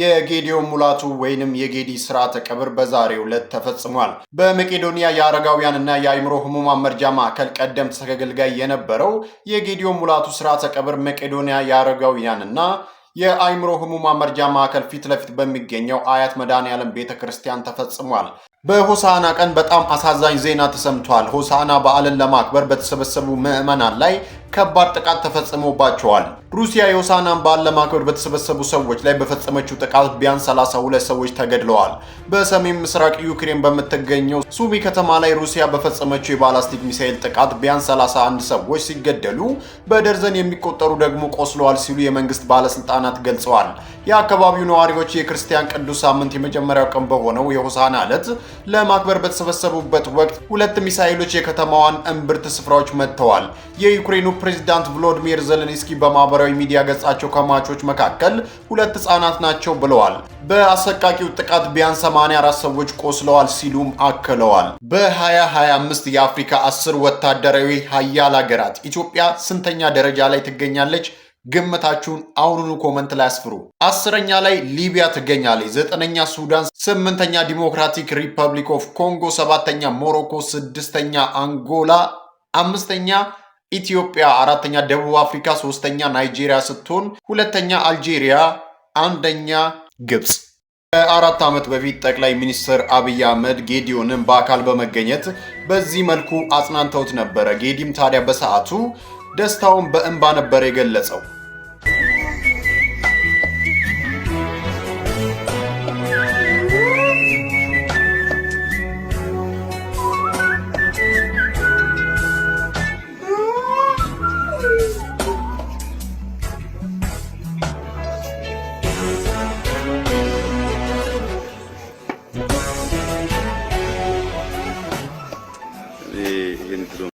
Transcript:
የጌዲዮ ሙላቱ ወይንም የጌዲ ስርዓተ ቀብር በዛሬው ዕለት ተፈጽሟል። በመቄዶንያ የአረጋውያንና የአይምሮ ህሙማን መርጃ ማዕከል ቀደምት ተገልጋይ የነበረው የጌዲዮ ሙላቱ ስርዓተ ቀብር መቄዶንያ የአረጋውያንና የአይምሮ የአእምሮ ህሙማን መርጃ ማዕከል ፊት ለፊት በሚገኘው አያት መድኃኔዓለም ቤተ ክርስቲያን ተፈጽሟል። በሆሳና ቀን በጣም አሳዛኝ ዜና ተሰምቷል። ሆሳና በዓልን ለማክበር በተሰበሰቡ ምዕመናን ላይ ከባድ ጥቃት ተፈጽሞባቸዋል። ሩሲያ የሆሳናን በዓል ለማክበር በተሰበሰቡ ሰዎች ላይ በፈጸመችው ጥቃት ቢያንስ 32 ሰዎች ተገድለዋል። በሰሜን ምስራቅ ዩክሬን በምትገኘው ሱሚ ከተማ ላይ ሩሲያ በፈጸመችው የባላስቲክ ሚሳኤል ጥቃት ቢያንስ 31 ሰዎች ሲገደሉ በደርዘን የሚቆጠሩ ደግሞ ቆስለዋል ሲሉ የመንግስት ባለስልጣናት ገልጸዋል። የአካባቢው ነዋሪዎች የክርስቲያን ቅዱስ ሳምንት የመጀመሪያው ቀን በሆነው የሆሳና ዕለት ለማክበር በተሰበሰቡበት ወቅት ሁለት ሚሳኤሎች የከተማዋን እምብርት ስፍራዎች መጥተዋል። የዩክሬኑ ፕሬዚዳንት ቮሎዲሚር ዜሌንስኪ በማህበራዊ ሚዲያ ገጻቸው ከሟቾች መካከል ሁለት ህጻናት ናቸው ብለዋል። በአሰቃቂው ጥቃት ቢያንስ 84 ሰዎች ቆስለዋል ሲሉም አክለዋል። በ2025 የአፍሪካ አስር ወታደራዊ ሀያል ሀገራት ኢትዮጵያ ስንተኛ ደረጃ ላይ ትገኛለች? ግምታችሁን አሁኑኑ ኮመንት ላይ አስፍሩ። አስረኛ ላይ ሊቢያ ትገኛለች። ዘጠነኛ ሱዳን፣ ስምንተኛ ዲሞክራቲክ ሪፐብሊክ ኦፍ ኮንጎ፣ ሰባተኛ ሞሮኮ፣ ስድስተኛ አንጎላ፣ አምስተኛ ኢትዮጵያ አራተኛ፣ ደቡብ አፍሪካ ሶስተኛ፣ ናይጄሪያ ስትሆን ሁለተኛ አልጄሪያ፣ አንደኛ ግብፅ። ከአራት ዓመት በፊት ጠቅላይ ሚኒስትር አብይ አህመድ ጌዲዮንን በአካል በመገኘት በዚህ መልኩ አጽናንተውት ነበረ። ጌዲም ታዲያ በሰዓቱ ደስታውን በእንባ ነበር የገለጸው። dentro